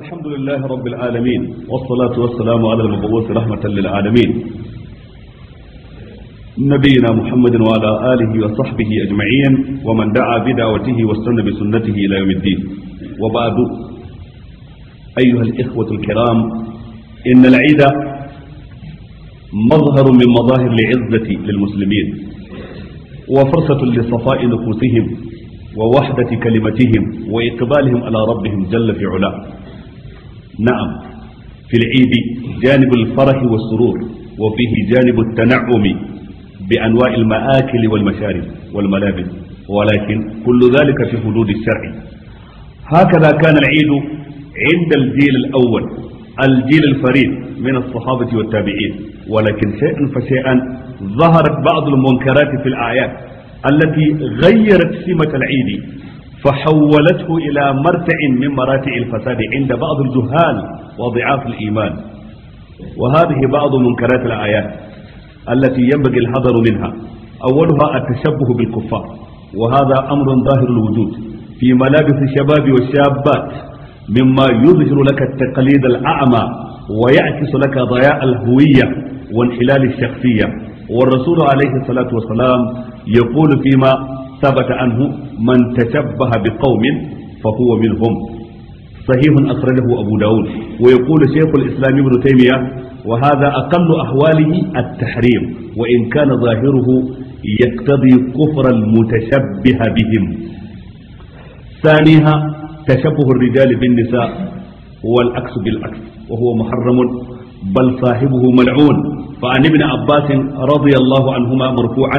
الحمد لله رب العالمين والصلاة والسلام على المبعوث رحمة للعالمين نبينا محمد وعلى آله وصحبه أجمعين ومن دعا بدعوته واستنى بسنته إلى يوم الدين وبعد أيها الإخوة الكرام إن العيد مظهر من مظاهر العزة للمسلمين وفرصة لصفاء نفوسهم ووحدة كلمتهم وإقبالهم على ربهم جل في علاه نعم في العيد جانب الفرح والسرور وفيه جانب التنعم بأنواع المآكل والمشارب والملابس ولكن كل ذلك في حدود الشرع هكذا كان العيد عند الجيل الأول الجيل الفريد من الصحابة والتابعين ولكن شيئا فشيئا ظهرت بعض المنكرات في الآيات التي غيرت سمة العيد فحولته إلى مرتع من مراتع الفساد عند بعض الجهال وضعاف الإيمان وهذه بعض منكرات الآيات التي ينبغي الحذر منها أولها التشبه بالكفار وهذا أمر ظاهر الوجود في ملابس الشباب والشابات مما يظهر لك التقليد الأعمى ويعكس لك ضياء الهوية وانحلال الشخصية والرسول عليه الصلاة والسلام يقول فيما ثبت عنه من تشبه بقوم فهو منهم صحيح أخرجه أبو داود ويقول شيخ الإسلام ابن تيمية وهذا أقل أحواله التحريم وإن كان ظاهره يقتضي كفر المتشبه بهم ثانيها تشبه الرجال بالنساء والعكس بالعكس وهو محرم بل صاحبه ملعون فعن ابن عباس رضي الله عنهما مرفوعا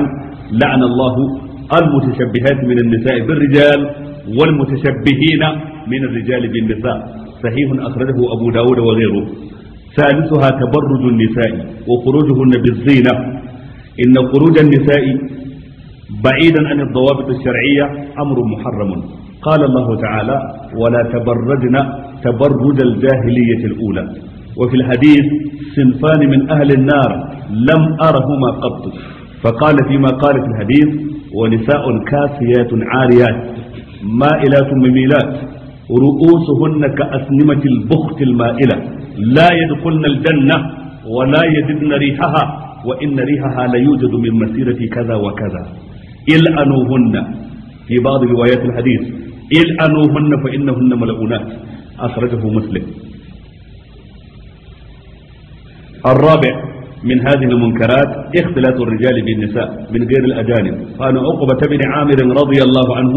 لعن الله المتشبهات من النساء بالرجال والمتشبهين من الرجال بالنساء صحيح أخرجه أبو داود وغيره ثالثها تبرج النساء وخروجهن بالزينة إن خروج النساء بعيدا عن الضوابط الشرعية أمر محرم قال الله تعالى ولا تبرجن تبرج الجاهلية الأولى وفي الحديث صنفان من أهل النار لم أرهما قط فقال فيما قال في الحديث ونساء كاسيات عاريات مائلات مميلات رؤوسهن كأسنمة البخت المائلة لا يدخلن الجنة ولا يجدن ريحها وإن ريحها ليوجد من مسيرة كذا وكذا إلأنوهن في بعض روايات الحديث إلأنوهن فإنهن ملعونات أخرجه مسلم الرابع من هذه المنكرات اختلاط الرجال بالنساء من غير الأجانب قال عقبة بن عامر رضي الله عنه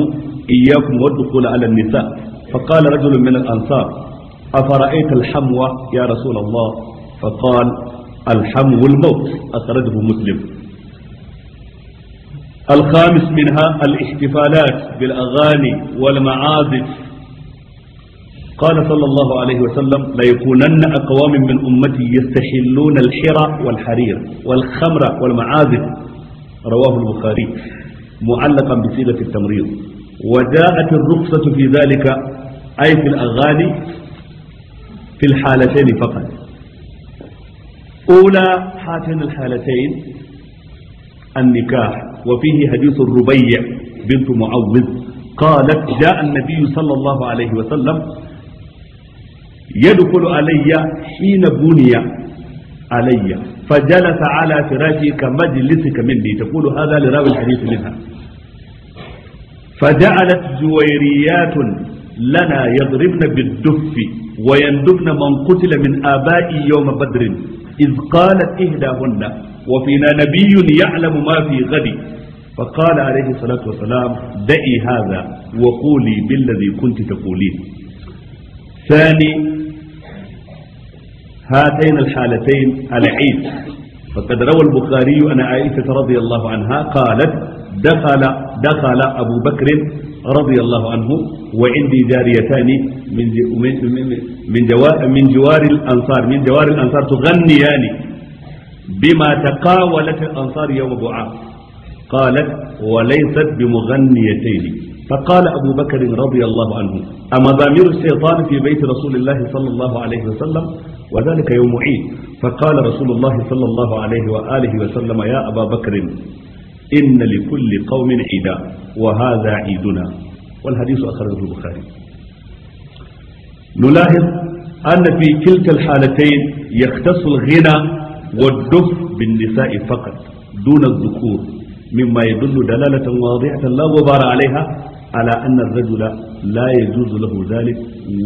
إياكم والدخول على النساء فقال رجل من الأنصار أفرأيت الحموة يا رسول الله فقال الحمو الموت أخرجه مسلم الخامس منها الاحتفالات بالأغاني والمعازف قال صلى الله عليه وسلم لا يكونن أقوام من أمتي يستحلون الحرى والحرير والخمر والمعازف رواه البخاري معلقا بسيرة التمريض وجاءت الرخصة في ذلك أي في الأغاني في الحالتين فقط أولى هاتين الحالتين النكاح وفيه حديث الربيع بنت معوذ قالت جاء النبي صلى الله عليه وسلم yadkhulu alayya hina buniya alayya fajalasa ala firashi ka majlisika minni taqulu hadha li rawi alhadith minha فجعلت جويريات لنا يضربن بالدف ويندبن من قتل من آبائي يوم بدر إذ قالت إحداهن وفينا نبي يعلم ما في غد فقال عليه الصلاة والسلام دعي هذا وقولي بالذي كنت تقولين ثاني هاتين الحالتين العيد فقد روى البخاري أن عائشة رضي الله عنها قالت دخل دخل أبو بكر رضي الله عنه وعندي جاريتان من من جوار من جوار الأنصار من جوار الأنصار تغنيان بما تقاولت الأنصار يوم بعاث قالت وليست بمغنيتين فقال أبو بكر رضي الله عنه أما أمضامير الشيطان في بيت رسول الله صلى الله عليه وسلم وذلك يوم عيد فقال رسول الله صلى الله عليه وآله وسلم يا أبا بكر إن لكل قوم عيدا وهذا عيدنا والحديث أخرجه البخاري نلاحظ أن في كلتا الحالتين يختص الغنى والدف بالنساء فقط دون الذكور مما يدل دلالة واضحة لا غبار عليها على أن الرجل لا يجوز له ذلك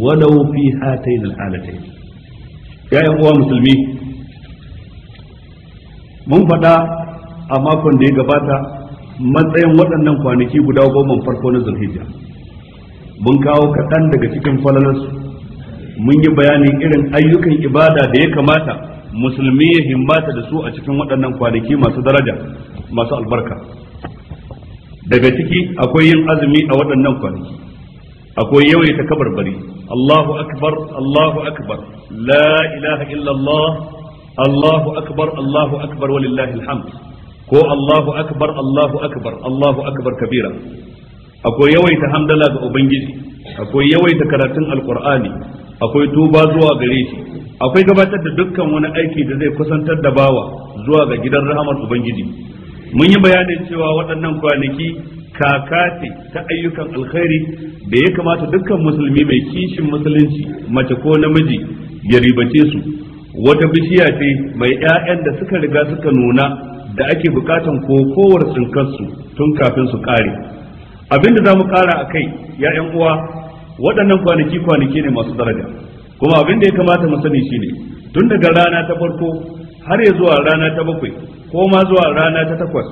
ولو في هاتين الحالتين يا أيها mun faɗa a makon da ya gabata matsayin waɗannan kwanaki guda goma farko na zulhijja mun kawo kaɗan daga cikin falalarsu mun yi bayanin irin ayyukan ibada da ya kamata musulmi ya himmata da su a cikin waɗannan kwanaki masu daraja masu albarka daga ciki akwai yin azumi a waɗannan kwanaki akwai yawaita kabarbari Allahu akbar Allahu akbar la ilaha illallah Allahu akbar Allahu akbar walillahi alhamd ko Allahu akbar Allahu akbar Allahu akbar kabira akwai yawaita hamdala ga ubangiji akwai yawaita karatun alqur'ani akwai tuba zuwa gare shi akwai gabatar da dukkan wani aiki da zai kusantar da bawa zuwa ga gidan rahamar ubangiji mun yi bayanin cewa waɗannan kwanaki kaka ce ta ayyukan alkhairi da ya kamata dukkan musulmi mai kishin musulunci mace ko namiji ya ribace su wata bishiya ce mai 'ya'yan da suka riga suka nuna da ake bukatan kokowar tsinkarsu tun kafin su kare abin da za mu kara a kai ya'yan uwa waɗannan kwanaki kwanaki ne masu daraja kuma abin da ya kamata mu sani shine tun daga rana ta farko har ya zuwa rana ta bakwai ko ma zuwa rana ta takwas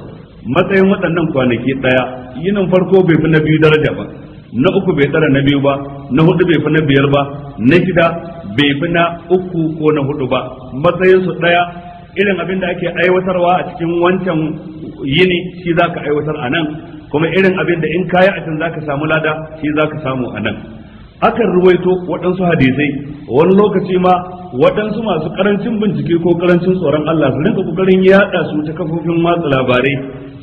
matsayin waɗannan kwanaki ɗaya yinin farko bai fi na biyu daraja ba na uku bai tsara na biyu ba na hudu bai fi na biyar ba na shida bai fi na uku ko na hudu ba matsayin su ɗaya irin abin da ake aiwatarwa a cikin wancan yini shi za ka aiwatar a nan kuma irin abin da in kayi a can za ka samu lada shi za ka samu a nan akan ruwaito waɗansu hadisai wani lokaci ma waɗansu masu karancin bincike ko karancin tsoron Allah su rinka kokarin yaɗa su ta kafofin watsa labarai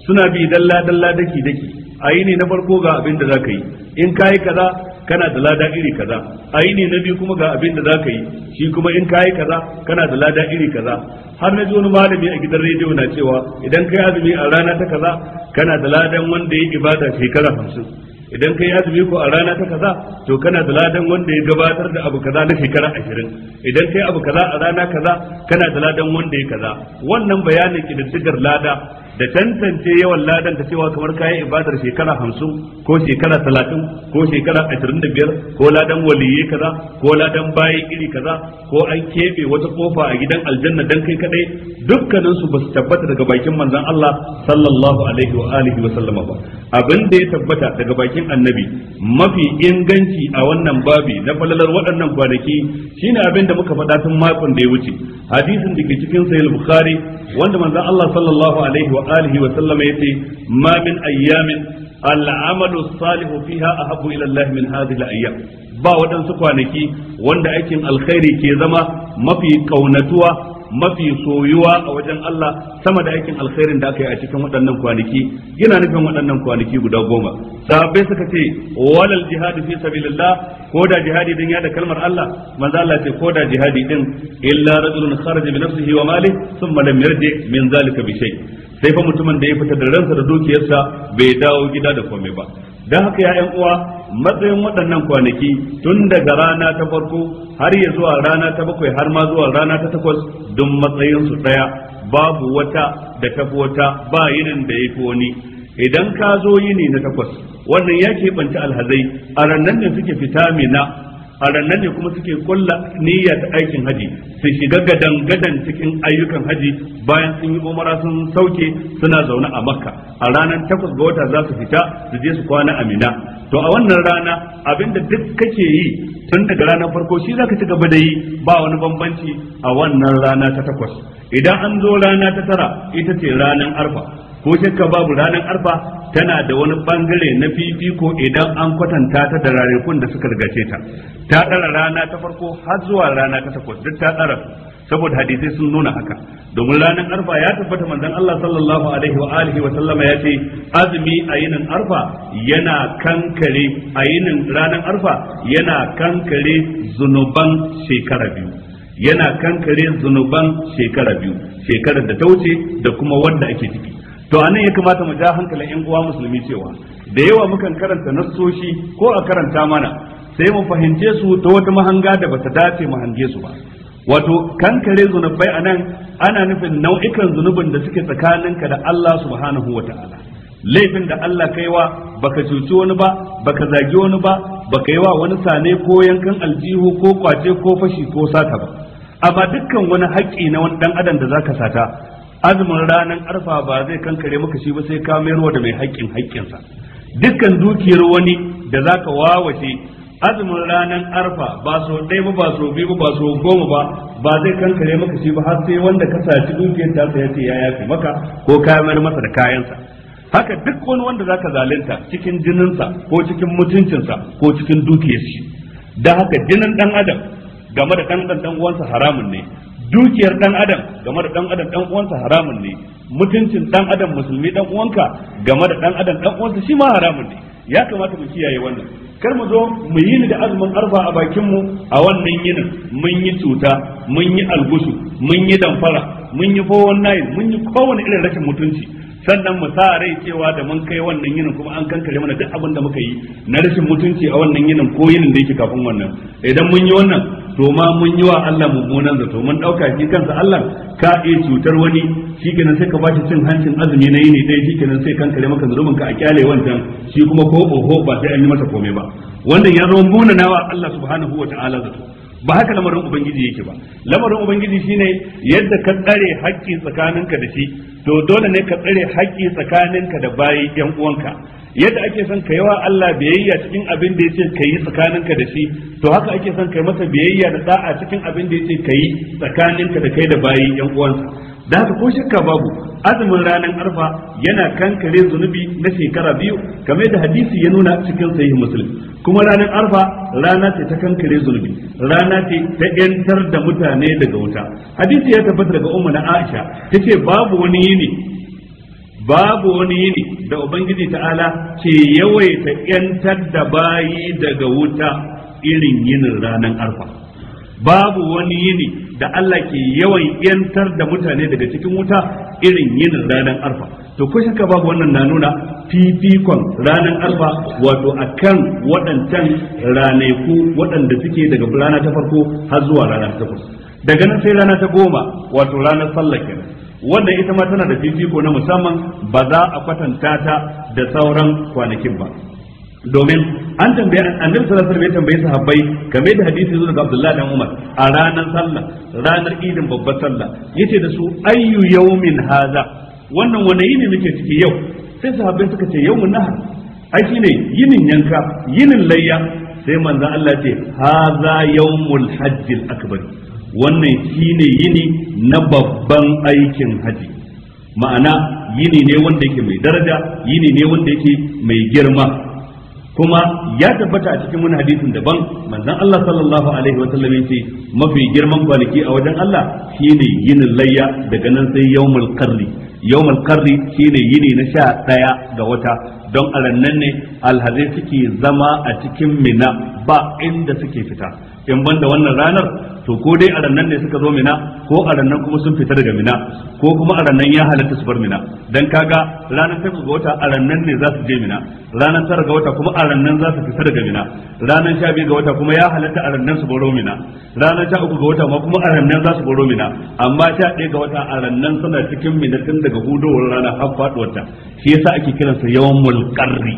suna bi dalla dalla daki daki ayi ne na farko ga abin da za ka yi in ka yi kaza kana da lada iri kaza ayi ne na biyu kuma ga abin da za ka yi shi kuma in ka yi kaza kana da lada iri kaza har na ji wani malami a gidan rediyo na cewa idan ka yi azumi a rana ta kaza kana da ladan wanda ya ibada shekara hamsin idan kai azumi ko a rana ta kaza to kana da ladan wanda ya gabatar da abu kaza na shekara ashirin idan kai abu kaza a rana kaza kana da ladan wanda ya kaza wannan bayanin kididdigar lada da tantance yawan ladan ta cewa kamar kayan ibadar shekara hamsin ko shekara talatin ko shekara ashirin da biyar ko ladan waliyye kaza ko ladan bayi iri kaza ko an keɓe wata kofa a gidan aljanna dan kai kaɗai dukkanin su ba su tabbata daga bakin manzon Allah sallallahu alaihi wa alihi wa sallama ba abin da ya tabbata daga bakin annabi mafi inganci a wannan babi na falalar waɗannan kwanaki shine abin da muka faɗa tun makon da ya wuce hadisin da ke cikin sahih bukhari wanda manzon Allah sallallahu alaihi wa alihi wa sallama yace ma min ayyamin al'amalu salihu fiha a ila ilallahi min hadhihi al ba waɗansu kwanaki wanda aikin alkhairi ke zama mafi kaunatuwa mafi soyuwa a wajen Allah sama da aikin alkhairin da aka yi a cikin waɗannan kwanaki yana nufin waɗannan kwanaki guda goma sahabbai suka ce walal jihadi fi sabilillah ko da jihadi din ya da kalmar Allah manzo Allah ce ko da jihadi din illa rajulun kharaja bi nafsihi wa mali thumma lam yarji min zalika bi shay sai fa mutumin da ya fita da ransa da dukiyarsa bai dawo gida da komai ba dan haka ya yan uwa matsayin waɗannan kwanaki tun daga rana ta farko har ya zuwa rana ta bakwai har ma zuwa rana ta takwas duk matsayinsu su ɗaya babu wata da tafi wata ba yinin da ya fi wani idan ka zo yini na takwas wannan ya keɓanci alhazai a rannan da suke fita mina a rannan ne kuma suke kulla niyya ta aikin haji su shiga gadan gadan cikin ayyukan haji bayan sun yi umara sun sauke suna zaune a makka a ranar takwas ga wata za su fita su je su kwana a mina to a wannan rana abinda duk kake yi tun daga ranar farko shi zaka ci gaba da yi ba wani bambanci a wannan rana ta takwas idan an zo rana ta tara ita ce ranar arfa ko shakka babu ranar arfa tana da wani bangare na fifiko idan an kwatanta ta da ranakun da suka rigace ta ta dara rana ta farko har zuwa rana ta takwas duk ta dara saboda hadisai sun nuna haka domin ranar arfa ya tabbata manzon Allah sallallahu alaihi wa alihi wa sallama ya ce azumi a yinin arfa yana kankare a yinin ranar arfa yana kankare zunuban shekara biyu yana kankare zunuban shekara biyu shekarar da ta wuce da kuma wanda ake ciki to anan ya kamata mu ja hankalin yan uwa musulmi cewa da yawa mukan karanta nassoshi ko a karanta mana sai mu fahimce su ta wata mahanga da bata dace mu hange su ba wato kankare zunubai anan ana nufin nau'ikan zunubin da suke tsakaninka da Allah subhanahu wataala laifin da Allah kaiwa baka cuci wani ba baka zagi wani ba baka yi wa wani sane ko yankan aljihu ko kwace ko fashi ko sata ba amma dukkan wani haƙƙi na wani dan adam da zaka sata azumin ranar arfa ba zai kankare maka shi ba sai ka wa da mai haƙƙin haƙƙinsa dukkan dukiyar wani da za ka wawace azumin ranar arfa ba so ɗaya ba ba so biyu ba so goma ba ba zai kankare maka shi ba har sai wanda ka saci dukiyar ta ya ce ya yafi maka ko ka mayar masa da kayansa haka duk wani wanda za ka zalunta cikin jininsa ko cikin mutuncinsa ko cikin dukiyar shi da haka jinin ɗan adam game da ɗan ɗan uwansa haramun ne dukiyar dan adam game da dan adam dan uwansa haramun ne mutuncin dan adam musulmi dan uwanka game da dan adam dan uwansa shi ma haramun ne ya kamata mu kiyaye wannan kar mu zo mu yi da azumin arfa a bakin mu a wannan yinin mun yi cuta mun yi algusu mun yi damfara mun yi fowon nayin mun yi kowane irin rashin mutunci sannan mu sa rai cewa da mun kai wannan yinin kuma an kankare mana duk abin da muka yi na rashin mutunci a wannan yinin ko yinin da yake kafin wannan idan mun yi wannan to ma mun yi wa Allah mummunan zato mun dauka shi kansa Allah ka iya cutar wani kenan sai ka bashi cin hancin azumi na yi ne dai kenan sai kanka kare maka zulubin ka a kyale wancan shi kuma ko oho ba sai an yi masa komai ba wannan ya zama munanawa Allah subhanahu wataala zato ba haka lamarin ubangiji yake ba lamarin ubangiji shine yadda ka tsare haƙƙi tsakaninka da shi to dole ne ka tsare haƙƙi tsakaninka da bayi yan uwanka yadda ake son ka yawa Allah biyayya cikin abin da yace ka yi tsakaninka da shi to haka ake son ka masa biyayya da da'a cikin abin da yace ka yi tsakaninka da kai da bayi yan uwansa da haka ko shakka babu azumin ranar arfa yana kankare zunubi na shekara biyu kamar da hadisi ya nuna cikin sahih muslim kuma ranar arfa rana ce ta kankare zunubi rana ce ta yantar da mutane daga wuta hadisi ya tabbata daga umma na aisha tace babu wani yini babu wani yini da ubangiji ta'ala ke yawaita yantar da bayi daga wuta irin yinin ranar arfa babu wani yini da Allah ke yawan yantar da mutane daga cikin wuta irin yinin ranar arfa to ko shaka babu wannan na nuna fifikon ranar arfa wato akan waɗancan ranaku waɗanda suke daga rana ta farko har zuwa rana ta daga nan sai rana ta goma wato ranar sallah kenan wannan ita ma tana da fifiko na musamman ba za a kwatanta ta da sauran kwanakin ba domin an tambaye annabi sallallahu alaihi wasallam tambaye sahabbai game da hadisi zuwa ga Abdullah dan Umar a ranar sallah ranar idin babbar sallah yace da su ayyu yawmin haza wannan wani yini muke ciki yau sai sahabbai suka ce yawmun nahar ai shine yinin yanka yinin layya sai manzon Allah ce haza yawmul hajjil akbar wannan shine yini na babban aikin haji ma'ana yini ne wanda yake mai daraja yini ne wanda yake mai girma kuma ya tabbata a cikin wani hadisin daban manzon Allah sallallahu alaihi wa sallam yace mafi girman kwanaki a wajen Allah shine yinin layya daga nan sai yawmul qarri yawmul qarri shine yini na sha daya ga wata don arannan ne alhazai suke zama a cikin mina ba inda suke fita in da wannan ranar to ko dai a rannan ne suka zo mina ko a rannan kuma sun fita daga mina ko kuma a rannan ya halatta su bar mina dan kaga ranar takwas ga wata a rannan ne za su je mina ranar tara ga wata kuma a rannan za su fita daga mina ranar sha biyu ga wata kuma ya halatta a rannan su baro mina ranar sha uku ga wata ma kuma a rannan za su baro mina amma sha ɗaya ga wata a rannan suna cikin mina tun daga hudowar rana har faɗuwar ta shi yasa ake kiransa yawan mulkarri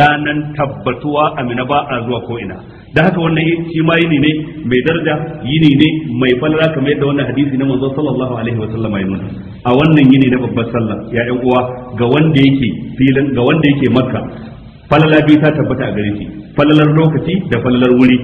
ranan tabbatuwa a mina ba a zuwa ko ina da haka wannan shi ma yini ne mai daraja yini ne mai falala kamar yadda wannan hadisi na manzo sallallahu alaihi wa sallam ya a wannan yini na babbar sallah ya ƴan uwa ga wanda yake filin ga wanda yake makka falala biyu ta tabbata a gare shi falalar lokaci da falalar wuri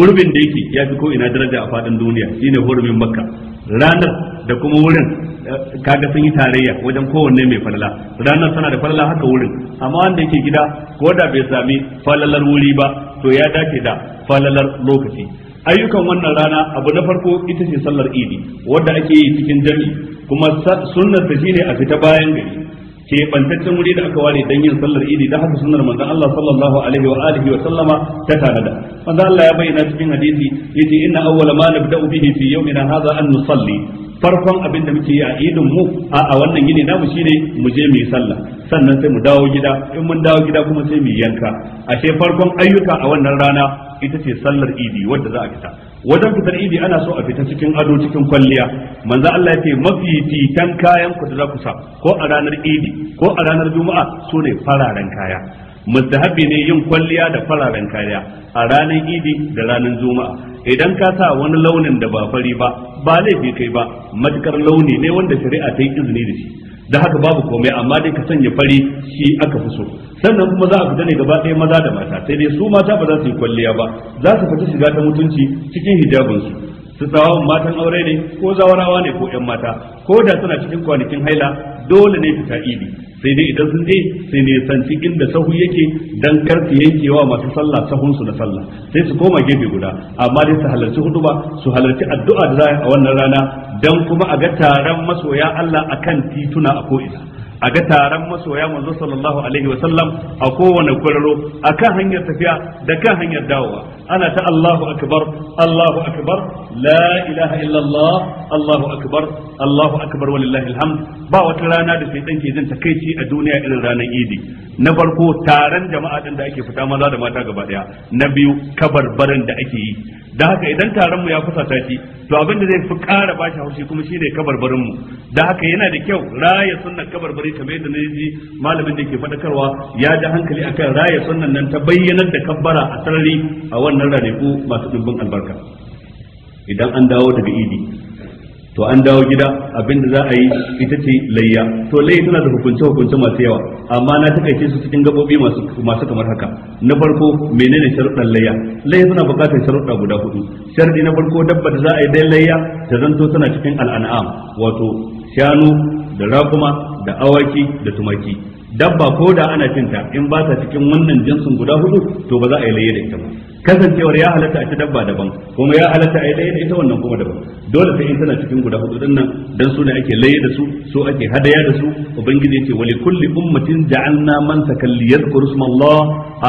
gurbin da yake ya fi ko ina daraja a fadin duniya shine hurumin makka ranar da kuma wurin kaga sun yi tarayya wajen kowanne mai falala ranar tana da falala haka wurin amma wanda yake gida ko da bai sami falalar wuri ba to ya dace da falalar lokaci ayyukan wannan rana abu na farko ita ce sallar idi wadda ake yi cikin jami kuma sunnar ta shine a fita bayan gari keɓantaccen wuri da aka ware don yin sallar idi da haka sunnar manzon Allah sallallahu alaihi wa alihi wa sallama ta tanada manzon Allah ya bayyana cikin hadisi yace inna awwala ma nabda'u bihi fi yawmina hadha an nusalli farkon abin da muke yi a idin mu a wannan mu namu shine mu je mu yi sallah sannan sai mu dawo gida in mun dawo gida kuma sai mu yanka ashe farkon ayyuka a wannan rana ita ce sallar idi wadda za a fita wajen fitar idi ana so a fita cikin ado cikin kwalliya manzo Allah yake ce mafi fitan kayan ku da za sa ko a ranar idi ko a ranar juma'a ne fararen kaya mustahabi ne yin kwalliya da fararen kaya a ranar idi da ranar juma'a idan ka sa wani launin da ba fari ba ba laifi kai ba matukar launi ne wanda shari'a ta yi izini da shi da haka babu komai amma dai ka sanya fari shi aka fi so sannan kuma za a fita ne gaba ɗaya maza da mata sai dai su mata ba za su yi kwalliya ba za su fita shiga ta mutunci cikin hijabinsu su tsawon matan aure ne ko zawarawa ne ko 'yan mata ko da suna cikin kwanakin haila dole ne fita ta'idi sai dai idan sun je sai ne sanci inda sahu yake dan karfi yankewa masu sallah sahun su na sallah sai su koma gefe guda amma dai su halarci huduba su halarci addu'a da za a wannan rana dan kuma a ga taron masoya Allah akan tituna a ko'ina a ga taron masoya manzo sallallahu alaihi wa sallam a kowane kwararo a kan hanyar tafiya da kan hanyar dawowa ana ta Allahu akbar Allahu akbar la ilaha illallah Allahu akbar Allahu akbar walillahi alhamd ba wata rana da sai zan ke jin takeici a duniya irin ranar Idi na farko taron jama'a din da ake fita maza da mata gaba daya na biyu kabarbarin da ake yi da haka idan taron mu ya kusa sati to abin da zai fi ƙara shi haushi kuma shine kabarbarin mu da haka yana da kyau raya sunnan kabarbari kamar yadda na ji malamin da ke faɗakarwa ya ji hankali akan raya sunnan nan ta bayyanar da kabbara a sarari a wannan ranaku masu dubbin albarka idan an dawo daga idi to an dawo gida abinda za a yi ita ce layya to layya tana da hukunce hukunce masu yawa amma na takaice su cikin gabobi masu kamar haka na farko menene sharuɗan layya layya suna buƙatar sharuɗa guda hudu sharuɗi na farko dabba da za a yi dai layya ta zanto tana cikin al'an'am wato shanu da raƙuma da awaki da tumaki dabba ko da ana cinta in ba ta cikin wannan jinsin guda hudu to ba za a yi laye da ita ba kasancewar ya halatta a ci dabba daban kuma ya halatta a yi laye da ita wannan kuma daban dole sai in tana cikin guda hudu din nan dan su ne ake laye da su so ake hadaya da su ubangiji ce wali kulli ummatin ja'alna man naman yadhkuru smallah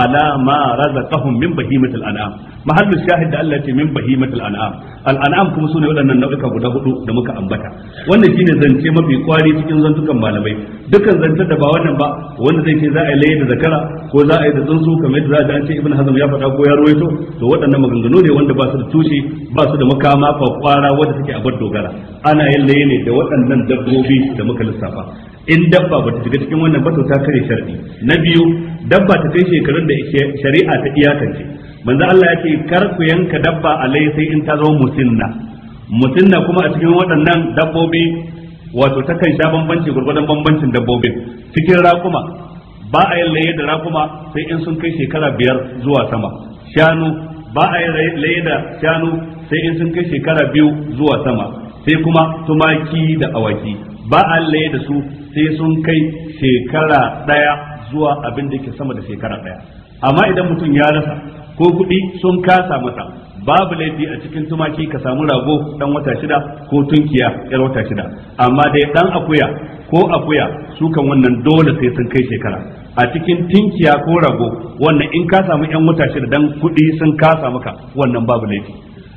ala ma razaqahum min bahimatil an'am mahallu shahid da Allah ce min bahimatul an'am al an'am kuma sune waɗannan nau'uka guda hudu da muka ambata wannan shine zance mafi kwari cikin zantukan malamai dukkan zance da ba wannan ba wanda zai ce za a yi da zakara ko za a yi da tsuntsu kamar yadda za a an ce ibn hazm ya faɗa ko ya ruwaito to waɗannan maganganu ne wanda ba su da tushe ba su da makama fa kwara wanda suke a bar dogara ana yin laye ne da waɗannan dabbobi da muka lissafa in dabba ba ta shiga cikin wannan ba to ta kare sharadi na biyu dabba ta kai shekarun da shari'a ta iyakance manzo Allah ya ce kar ku yanka dabba alai sai in ta zo musinna musinna kuma a cikin waɗannan dabbobi wato ta kan sha bambanci gurgurdan bambancin dabbobi. cikin raƙuma ba a yin laye da raƙuma sai in sun kai shekara biyar zuwa sama shanu ba a yin laye da shanu sai in sun kai shekara biyu zuwa sama sai kuma tumaki da awaki ba a laye da su sai sun kai shekara ɗaya zuwa abin da ke sama da shekara ɗaya amma idan mutum ya rasa ko kuɗi sun kasa masa babu laifi a cikin tumaki ka samu rago dan wata shida ko tunkiya yar wata shida amma dai dan akuya ko akuya su wannan dole sai sun kai shekara a cikin tunkiya ko rago wannan in ka samu yan wata shida dan kuɗi sun kasa maka wannan babu laifi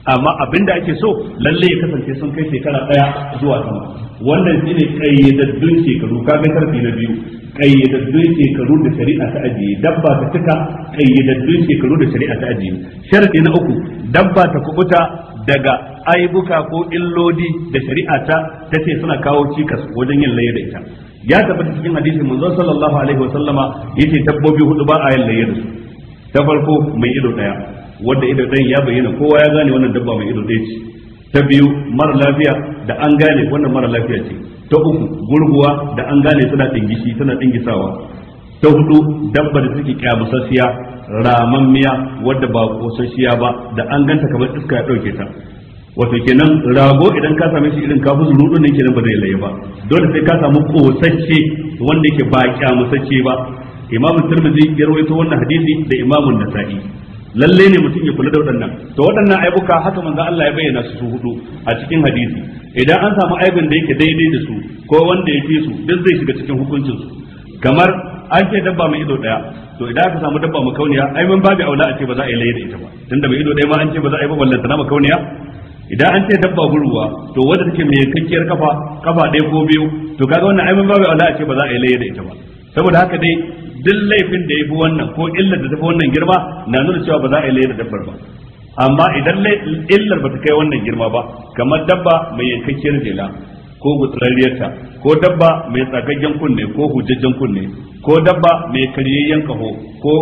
amma abin da ake so lalle ya kasance sun kai shekara ɗaya zuwa sama wannan shine ƙayyadaddun shekaru kaga karfi na biyu ƙayyadaddun shekaru da shari'a ta ajiye dabba ta cika ƙayyadaddun shekaru da shari'a ta ajiye sharadi na uku dabba ta kubuta daga aibuka ko illodi da shari'a ta ta ce suna kawo cikas wajen yin layya da ita ya tabbata cikin hadisin manzon sallallahu alaihi wa sallama yace dabbobi hudu ba a yin layyar da su ta farko mai ido daya wanda ido ɗaya ya bayyana kowa ya gane wannan dabba mai ido ɗaya ce ta biyu mara lafiya da an gane wannan mara lafiya ce ta uku gurguwa da an gane tana dingishi tana dingisawa ta hudu dabba da take kyamusassiya ramammiya wadda ba kosasshiya ba da an ganta kamar iska ya dauke ta wato kenan rago idan ka same shi irin kafin rudo ne kenan ba zai laye ba dole sai ka samu kosasshe wanda yake ba kyamusasshe ba imamu tirmidhi ya rawaito wannan hadisi da Imamin nasa'i lalle ne mutum ya kula da waɗannan to waɗannan aibuka haka manzo Allah ya bayyana su su hudu a cikin hadisi idan an samu aibin da yake daidai da su ko wanda ya fi su duk zai shiga cikin hukuncin su kamar an ce dabba mai ido daya to idan aka samu dabba makauniya ai mun babu aula a ce ba za a yi laye da ita ba tunda mai ido daya ma an ce ba za a yi ba wallan tana makauniya idan an ce dabba guruwa to wanda take mai kakkiyar kafa kafa ɗaya ko biyu to kaga wannan ai mun babu aula a ce ba za a yi laye da ita ba saboda haka dai duk laifin da ya fi wannan ko illar da ta fi wannan girma na nuna cewa ba za a yi dabbar ba amma idan illar ba ta kai wannan girma ba kamar dabba mai yankakkiyar jela ko gutsurariyarta ko dabba mai tsagaggen kunne ko hujjajjen kunne ko dabba mai karyayyen kaho ko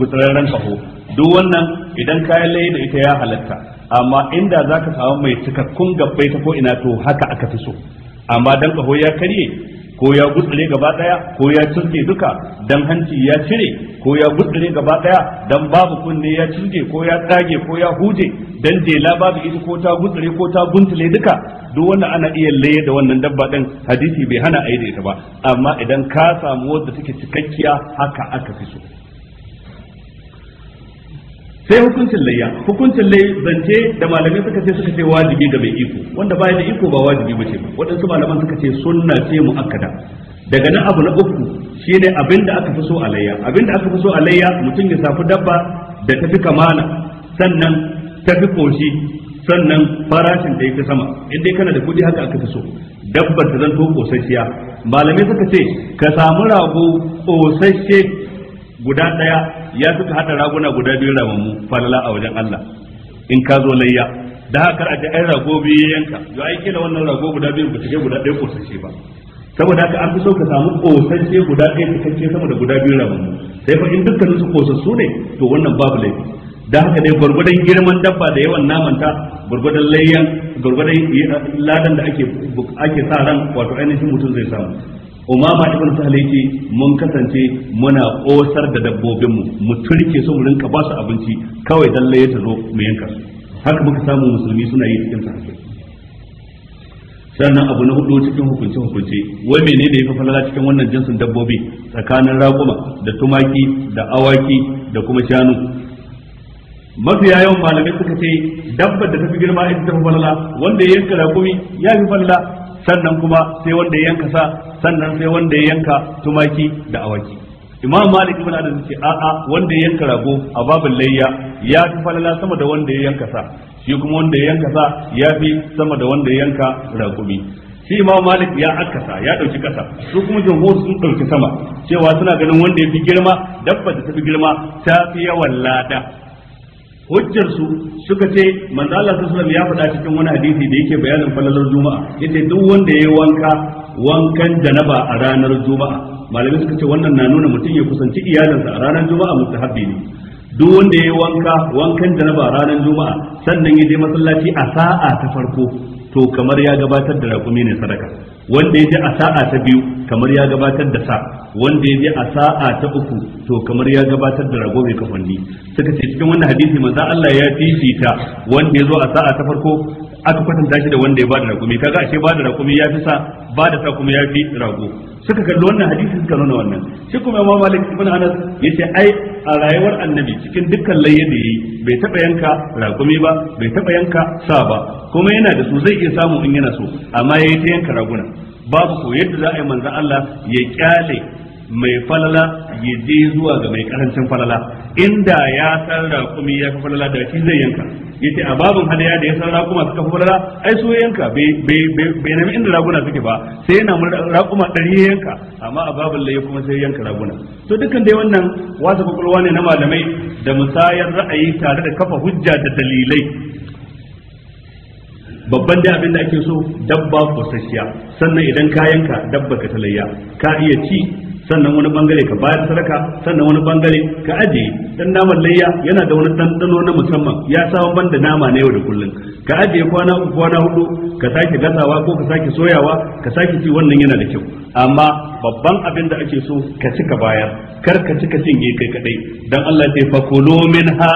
gutsurarren kaho duk wannan idan kayan layi da ita ya halatta amma inda za ka samu mai cikakkun gabbai ta ko ina to haka aka fi so amma dan kaho ya karye ko ya gudure gaba daya ko ya cirke duka dan hanci ya cire ko ya gudure gaba daya dan babu kunne ya cirge ko ya tsage ko ya huje dan jela babu ita ko ta gudure ko ta guntule duka duk wanda ana iya laye da wannan dabba din hadisi bai hana aidaita ba amma idan ka samu wadda take cikakkiya haka aka fi so sai hukuncin layya hukuncin lai zance da malamai suka ce suka ce wajibi ga mai iko wanda baya da iko ba wajibi ba ce ba waɗansu malaman suka ce sunna ce mu'akkada daga nan abu na uku shine abin da aka fi so a layya abin da aka fi so a layya mutum ya safi dabba da tafi kamala sannan tafi koshi sannan farashin da yake sama in dai kana da kuɗi haka aka fi so dabbar ta zanto kosasshiya malamai suka ce ka samu rago kosasshe guda ɗaya ya suka hada haɗa raguna guda biyu ramammu falala a wajen Allah in ka zo layya da haka a ce ai rago biyu yanka yo ai kila wannan rago guda biyu ba take guda ɗaya kosashe ba saboda haka an fi so ka samu kosashe guda ɗaya fitacce sama da guda biyu ramammu sai fa in dukkanin su kosassu ne to wannan babu laifi da haka dai gwargwadon girman dabba da yawan namanta gwargwadon layyan gwargwadon eh, ladan da ake ake sa ran wato ainihin mutum zai samu umama ibn sahal yace mun kasance muna kosar da dabbobin mu mu turke su mu rinka ba su abinci kawai dan laye ta zo mu yanka haka muka samu musulmi suna yi cikin sahabbai sannan abu na hudu cikin hukunce hukunce wai menene yafi falala cikin wannan jinsin dabbobi tsakanin raƙuma da tumaki da awaki da kuma shanu mafiya yawan malamai suka ce dabbar da tafi girma ita ta falala wanda ya yanka raƙumi ya fi falala sannan kuma sai wanda ya yanka sa sannan sai wanda ya yanka tumaki da awaki imam malik ibn anas ce a'a wanda ya yanka rago a babin layya ya fi falala sama da wanda ya yanka sa shi kuma wanda ya yanka sa ya fi sama da wanda ya yanka ragumi. shi imam malik ya akasa ya dauki kasa su kuma jumhur sun dauki sama cewa suna ganin wanda ya fi girma dabba da ta fi girma ta fi yawan lada hujjar su suka ce manzo Allah sallallahu ya faɗa cikin wani hadisi da yake bayanin falalar juma'a yace duk wanda yayi wanka wankan janaba a ranar juma'a malamai suka ce wannan na nuna mutum ya kusanci iyalinsa a ranar juma'a mustahabbi ne duk wanda yayi wanka wankan janaba a ranar juma'a sannan ya je masallaci a sa'a ta farko to kamar ya gabatar da rakumi ne sadaka wanda ya je a sa'a ta biyu kamar ya gabatar da sa wanda ya je a sa'a ta uku to kamar ya gabatar da rago mai kafanni suka ce cikin wannan hadisi manzo Allah ya fifita wanda ya zo a sa'a ta farko aka kwatanta shi da wanda ya bada rakumi kaga ashe bada rakumi ya fi sa bada sa kuma ya fi rago suka kalli wannan hadisi suka nuna wannan shi kuma imam malik ibn anas yace ai a rayuwar annabi cikin dukkan layyin da yayi bai taba yanka rakumi ba bai taba yanka sa ba kuma yana da su zai iya samu in yana so amma yayi ta yanka raguna babu ko yadda za a yi manzon Allah ya kyale mai falala ya je zuwa ga mai karancin falala inda ya san raƙumi ya fi falala da shi zai yanka yace a babin hadaya da ya san raƙuma suka fi falala ai so yanka bai nemi inda raguna suke ba sai yana mun raƙuma ɗari ya yanka amma a babin laye kuma sai yanka raguna to dukkan dai wannan wasa kwakwalwa ne na malamai da musayar ra'ayi tare da kafa hujja da dalilai babban da abin da ake so dabba kusasshiya sannan idan ka yanka dabba ka talayya ka iya ci sannan wani bangare ka bayar sadaka sannan wani bangare ka ajiye dan naman layya yana da wani dandano na musamman ya sa banda da nama na yau da kullum ka ajiye kwana uku kwana hudu ka sake gasawa ko ka sake soyawa ka sake ci wannan yana da kyau amma babban abin da ake so ka ci ka bayar kar ka ci ka cinye kai kadai dan Allah ya ce fa kulu minha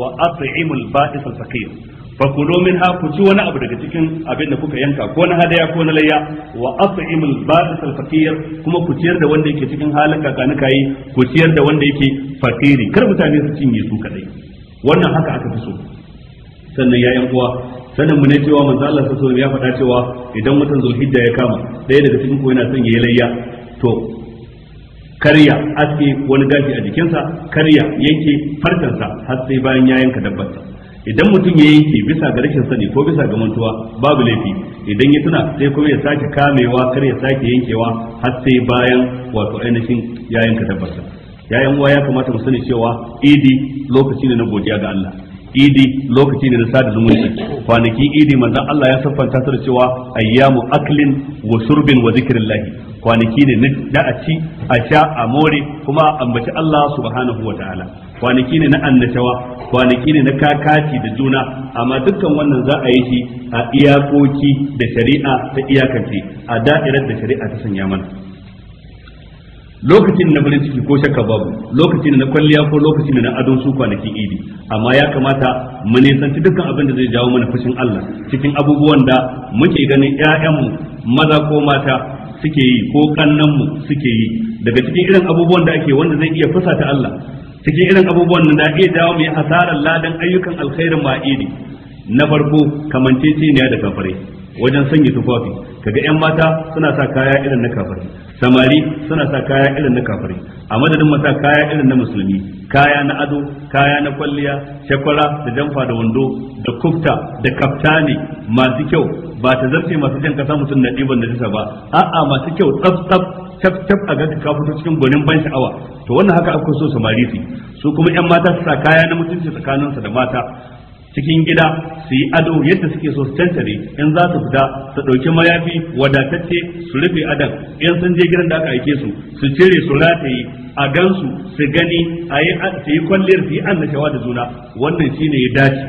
wa at'imul ba'is al-faqir fakulu minha ku ci wani abu daga cikin abin da kuka yanka ko na hadaya ko na layya wa as'imul ba'is al faqir kuma ku ciyar da wanda yake cikin halin kakani kai ku ciyar da wanda yake fakiri kar mutane su cinye su kadai wannan haka aka fi so sannan ya yan uwa sannan mu ne cewa manzo Allah sallallahu alaihi ya faɗa cewa idan mutan zulhijja ya kama ɗaya daga cikin ku yana son yayi layya to karya aske wani gashi a jikinsa karya yanke farkansa har sai bayan yayin ka dabbata idan mutum ya yanke bisa ga rashin sani ko bisa ga mantuwa babu laifi idan ya tuna sai kuma ya sake kamewa kar ya sake yankewa har sai bayan wato ainihin ya yanka tabbata. yayan uwa ya kamata mu sani cewa idi lokaci ne na godiya ga Allah idi lokaci ne na sada zumunci kwanaki idi manzan Allah ya siffanta su da cewa ayyamu aklin wa shurbin wa lahi kwanaki ne na a ci a sha a more kuma a ambaci Allah subhanahu wa ta'ala kwanaki ne na annashawa kwanaki ne na kakaci da juna amma dukkan wannan za a yi shi a iyakoki da shari'a ta iyakance a da'irar da shari'a ta sanya mana lokacin na farin ciki ko shakka babu lokacin na kwalliya ko lokacin na adon su kwanakin idi amma ya kamata mu nisanci dukkan abin da zai jawo mana fushin Allah cikin abubuwan da muke ganin ƴaƴanmu maza ko mata suke yi ko kannanmu suke yi daga cikin irin abubuwan da ake wanda zai iya fusata Allah cikin irin abubuwan da na iya jawo mai asarar ladan ayyukan alkhairin ma'idi na farko kamanceceniya da kafare wajen sanya tufafi kaga yan mata suna sa kaya irin na kafari samari suna sa kaya irin na kafari a madadin mata kaya irin na musulmi kaya na ado kaya na kwalliya shakwara da jamfa da wando da kufta da kaftani masu kyau ba ta zarce masu jan kasa mutum na ɗiban da jisa ba a'a masu kyau tsaf tsaf tsaf tsaf a gaske ka fito cikin gwanin ban sha'awa to wannan haka aka so samari su su kuma yan mata su sa kaya na mutunci tsakaninsa da mata cikin gida su yi ado yadda suke so su tantare in za su fita su ɗauki mayafi wadatacce su rufe adan in sun je gidan da aka aike su su cire su rataye a gansu su gani a yi kwalliyar su yi annashawa da juna wannan shine ya dace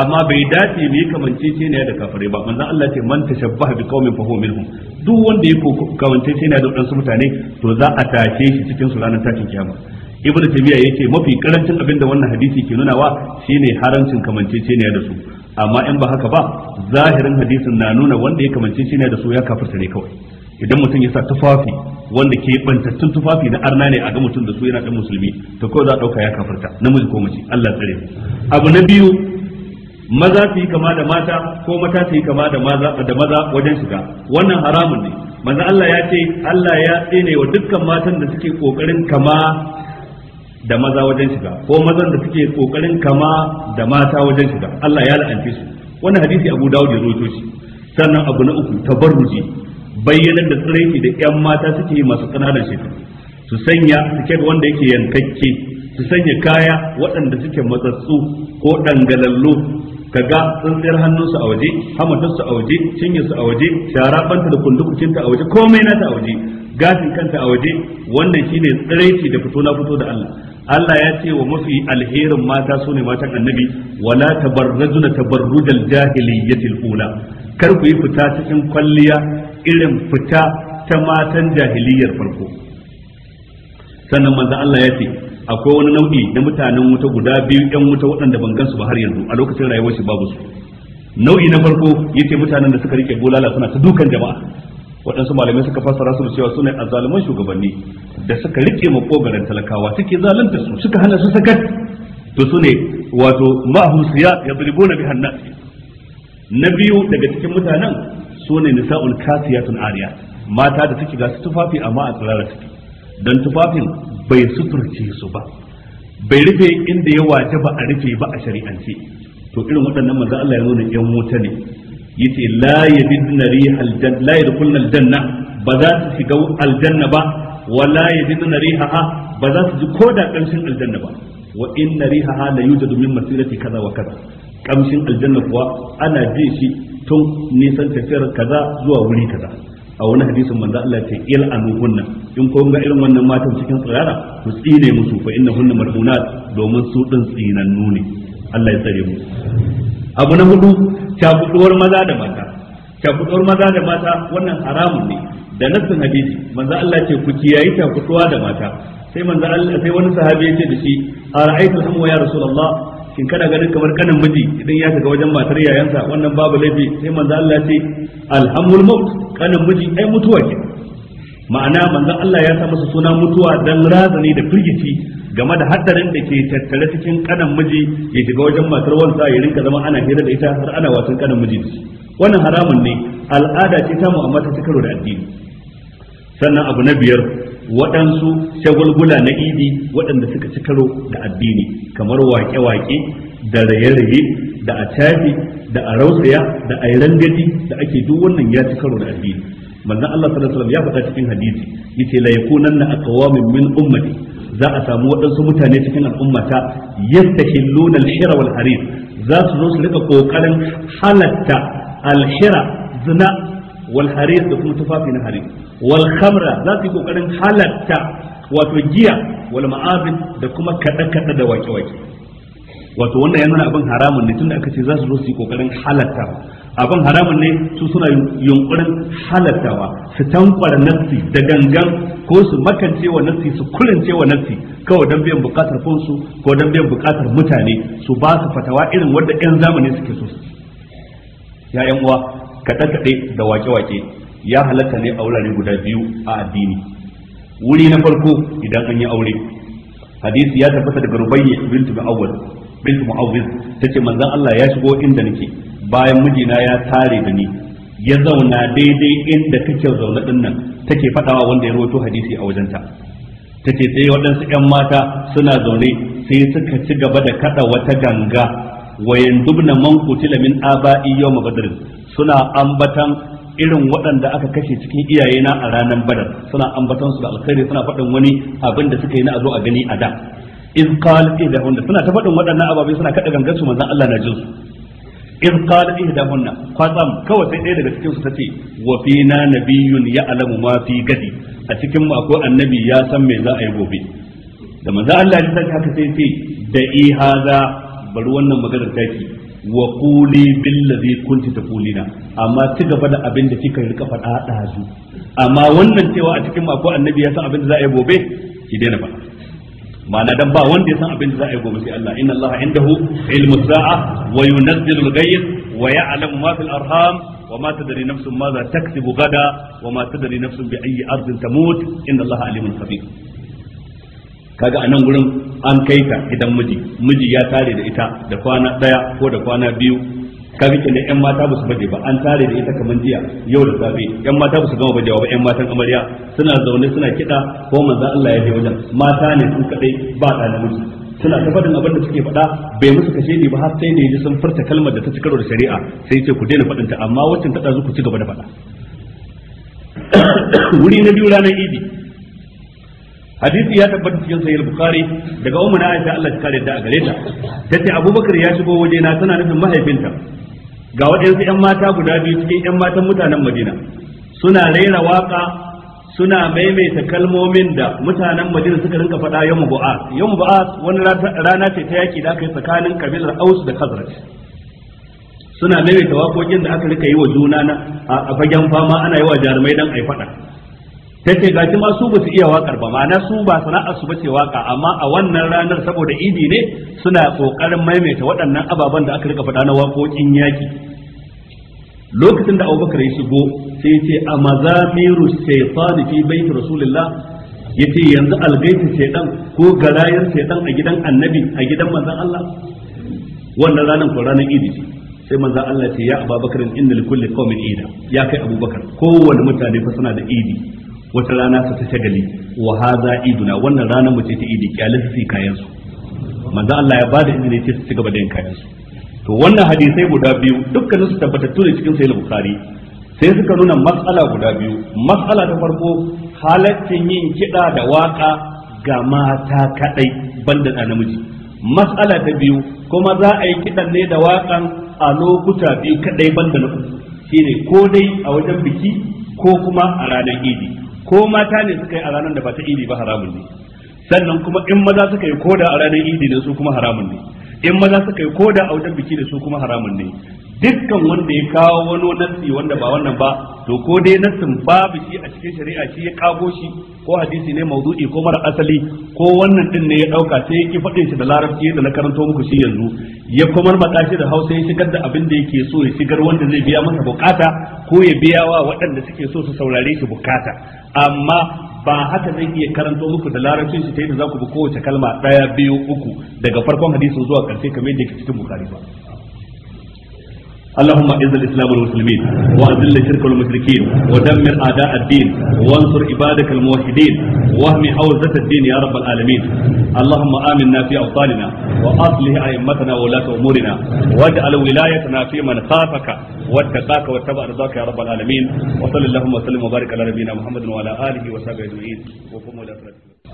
amma bai dace mai kamance ce ne da kafare ba manzon Allah ce man tashabbaha bi qaumin fa minhum duk wanda ya kamance ce ne da wadansu mutane to za a tashe shi cikin su ranar tashin kiyama ibnu ya yake mafi karancin abin da wannan hadisi ke nuna wa shine harancin kamanceceniya da su amma in ba haka ba zahirin hadisin na nuna wanda ya kamanceceniya da su ya kafirta ne kawai idan mutum ya sa tufafi wanda ke bantattun tufafi na arna ne a ga mutum da su yana dan musulmi to kawai za a dauka ya kafirta namiji ko mace Allah tsare abu na biyu maza su yi kama da mata ko mata su yi kama da maza wajen shiga wannan haramun ne manzo Allah ya ce Allah ya tsine wa dukkan matan da suke kokarin kama da maza wajen shiga ko mazan da suke kokarin kama da mata wajen shiga Allah ya la'anci su wannan hadisi Abu Dawud ya rawaito shi sannan abu na uku tabarruji bayyanar da tsareki da ƴan mata suke yi masu kananan shekaru su sanya da wanda yake yankakke su sanya kaya waɗanda suke matsatsu ko dangalallo kaga tsintsiyar hannunsu a waje hamatarsu a waje cinyarsu a waje shara banta da kundukucinta a waje komai nata a waje gashin kanta a waje wannan shine tsiraici da fito na fito da Allah Allah ya ce wa mafi alherin mata su ne matan annabi wala tabarrajuna tabarrujal jahiliyyatil ula kar ku yi fita cikin kwalliya irin fita ta matan jahiliyyar farko sannan manzo Allah ya ce akwai wani nau'i na mutanen wuta guda biyu yan wuta waɗanda ban gansu ba har yanzu a lokacin rayuwar shi babu su nau'i na farko yace mutanen da suka rike bulala suna ta dukan jama'a waɗansu malamai suka fasa su da cewa sune azzaluman shugabanni da suka rike makogaran talakawa suke zalunta su suka hana su sakar to sune wato ya siya na bihan nas na biyu daga cikin mutanen sune nisa'ul kasiyatun ariya mata da suke gasu tufafi amma a tsirara suke dan tufafin bai suturce su ba bai rufe inda ya waje ba a rufe ba a shari'ance to irin waɗannan manzo Allah ya nuna yan wuta ne yace la yajidna rihal janna la yadkhulna aljanna ba za su shiga aljanna ba wala yajidna rihaha ba za su ji koda kamshin aljanna ba wa inna rihaha la yujadu min masirati kaza wa kaza kamshin aljanna kuwa ana jin shi tun nisan tafiyar kaza zuwa wuri kaza a wani hadisin manzo Allah ce il anuhunna in ko ga irin wannan matan cikin tsirara mu tsine musu fa innahunna marhunat domin su din tsinannu ne Allah ya tsare mu abu na hudu cakuduwar maza da mata cakuduwar maza da mata wannan haramun ne da nassin hadisi manzo Allah ce ku kiyayi cakuduwa da mata sai manzo Allah sai wani sahabi ya ce da shi ara'aytu hamu ya rasulullah shin kada ganin kamar kanin miji idan ya shiga wajen matar yayansa wannan babu laifi sai manzo Allah ce alhamul maut kanin miji ai mutuwa ke ma'ana manzon Allah ya sa masa suna mutuwa dan razani da firgici game da haddarin da ke tattare cikin kanan miji ya shiga wajen matar wansa ya rinka zama ana hira da ita har ana wasan kanan miji wannan haramun ne al'ada ce ta mu'amala ta karo da addini sannan abu na biyar waɗansu shagulgula na idi waɗanda suka ci karo da addini kamar wake-wake da raye-raye da a da a rausaya da a yi da ake duk wannan ya ci karo da addini manzon Allah sallallahu alaihi wasallam ya faɗa cikin hadisi yace la yakunanna aqwamin min ummati za a samu waɗansu mutane cikin al'ummata yastahilluna al-hira wal harir za su zo su rika kokarin halatta al shira zina wal harir da kuma tufafi na harir wal khamra za su yi kokarin halatta wato giya wal ma'abid da kuma kada kada da wake wake wato wannan yana nuna abin haramun ne tunda aka ce za su zo su yi kokarin halatta abin haramun ne su suna yunkurin halartawa su tankwara nafsi da gangan ko su makance wa nafsi su kulance wa nafsi kawai don biyan bukatar kansu ko don biyan bukatar mutane su ba su fatawa irin wadda yan zamani suke so ya yan uwa kaɗe kaɗe da wake wake ya halatta ne a wurare guda biyu a addini wuri na farko idan an yi aure hadisi ya tabbata daga rubayya bintu mu'awwal bintu mu'awwiz tace manzon Allah ya shigo inda nake bayan mijina ya tare da ni ya zauna daidai inda kake zaune din nan take fadawa wanda ya rawaito hadisi a wajenta take sai waɗansu ƴan mata suna zaune sai suka ci gaba da kada wata ganga wayan dubna man kutila min aba'i yawm badr suna ambatan irin waɗanda aka kashe cikin iyayena a ranar badar suna ambatan su da alkhairi suna faɗin wani abin da suka yi na a a gani a da iz qala idahun suna ta faɗin waɗannan ababai suna kada gangan su manzon Allah na jinsu su in qalat ihdahunna kwatsam kawai sai ɗaya daga cikin su tace wa fina nabiyyun ya'lamu ma fi gadi a cikin mu akwai annabi ya san me za a yi gobe da manzo Allah ya saki haka sai ce da ihaza bari wannan maganar taki wa quli bil ladhi kunti taqulina amma ci gaba da abin da kika rika faɗa ɗazu amma wannan cewa a cikin mu akwai annabi ya san abin da za a yi gobe ki daina faɗa ma'ana dan ba wanda ya san abin da za a yi gobe sai Allah inna Allah indahu ilmu sa'a wa yunazzilul ghayb wa ya'lamu ma fil arham wa ma tadri nafsun ma za taktubu gada wa ma tadri nafsun bi ayyi ardin tamut inna Allah alimun khabir kaga a nan gurin an kai ta gidan miji miji ya tare da ita da kwana daya ko da kwana biyu ka bi kenan yan mata ba su baje ba an tare da ita kamar jiya yau da safe yan mata ba su gama bajewa ba yan matan amarya suna zaune suna kiɗa ko manzo Allah ya je wajen mata ne su kadai ba da namiji suna ta faɗin abin da suke faɗa bai musu kashe ni ba har sai da sun furta kalmar da ta cikar da shari'a sai ce ku daina faɗinta amma wacce ta ɗazu ku ci gaba da faɗa wuri na biyu ranar idi hadisi ya tabbata cikin sahih bukhari daga ummu na aisha Allah ta kare da a gare ta tace abubakar ya shigo waje na tana nufin mahaifinta ga waɗansu 'yan mata guda biyu cikin 'yan matan mutanen madina suna raira waƙa, suna maimaita kalmomin da mutanen madina suka rinka faɗa ba'a yau mu ba'a wani rana ce ta yaki da aka yi tsakanin kabilar aus da khazraj suna maimaita waƙoƙin da aka rika yi wa juna na a fagen fama ana yi wa jarumai a yi faɗa sai ce gashi ma su ba su iya waƙar ba ma'ana su ba sana'ar su ba ce waƙa amma a wannan ranar saboda idi ne suna ƙoƙarin maimaita waɗannan ababen da aka rika faɗa na waƙoƙin yaki. lokacin da abubakar ya shigo sai ce a mazamiru shaitan fi baiti rasulullah yace yanzu algaitin shaitan ko garayar shaitan a gidan annabi a gidan manzon Allah wannan ranar ko ranar idi sai manzo Allah ce ya Abubakar inna likulli qaumin ida ya kai Abubakar kowanne mutane fa suna da idi wata rana su ta shagali wa haza iduna wannan rana mu ce ta idi kyalisi su kayan su manzo Allah ya bada izini ce su cigaba da yin kayan su to wannan hadisai guda biyu dukkanin su tabbatattu ne cikin sahih bukhari sai suka nuna matsala guda biyu matsala ta farko halaccin yin kiɗa da waka ga mata kaɗai banda da namiji matsala ta biyu kuma za a yi kiɗan ne da wakan a lokuta biyu kadai banda na uku shine ko dai a wajen biki ko kuma a ranar idi ko mata ne suka yi a ranar da ba ta idi ba haramun ne sannan kuma in maza suka yi koda a ranar idi ne su kuma haramun ne in maza suka yi koda a wajen biki da su kuma haramun ne dukkan wanda ya kawo wani nassi wanda ba wannan ba to ko dai nassin babu shi a cikin shari'a shi ya kago shi ko hadisi ne mawdu'i ko mara asali ko wannan din ne ya dauka sai ya ki faɗin shi da larabci da na karanto muku shi yanzu ya kuma mata shi da Hausa ya shigar da abin da yake so ya shigar wanda zai biya masa bukata ko ya biya wa waɗanda suke so su saurare shi bukata amma ba haka zai iya karanto muku da larabcin shi ta yadda za ku bi kowace kalma ɗaya biyu uku daga farkon hadisin zuwa ƙarshe kamar yadda yake cikin bukari ba اللهم اعز الاسلام والمسلمين واذل الشرك والمشركين ودمر اعداء الدين وانصر عبادك الموحدين واهم حوزه الدين يا رب العالمين اللهم امنا في اوطاننا واصلح ائمتنا وولاة امورنا واجعل ولايتنا في من خافك واتقاك واتبع رضاك يا رب العالمين وصل اللهم وسلم وبارك على نبينا محمد وعلى اله وصحبه اجمعين وقوموا الى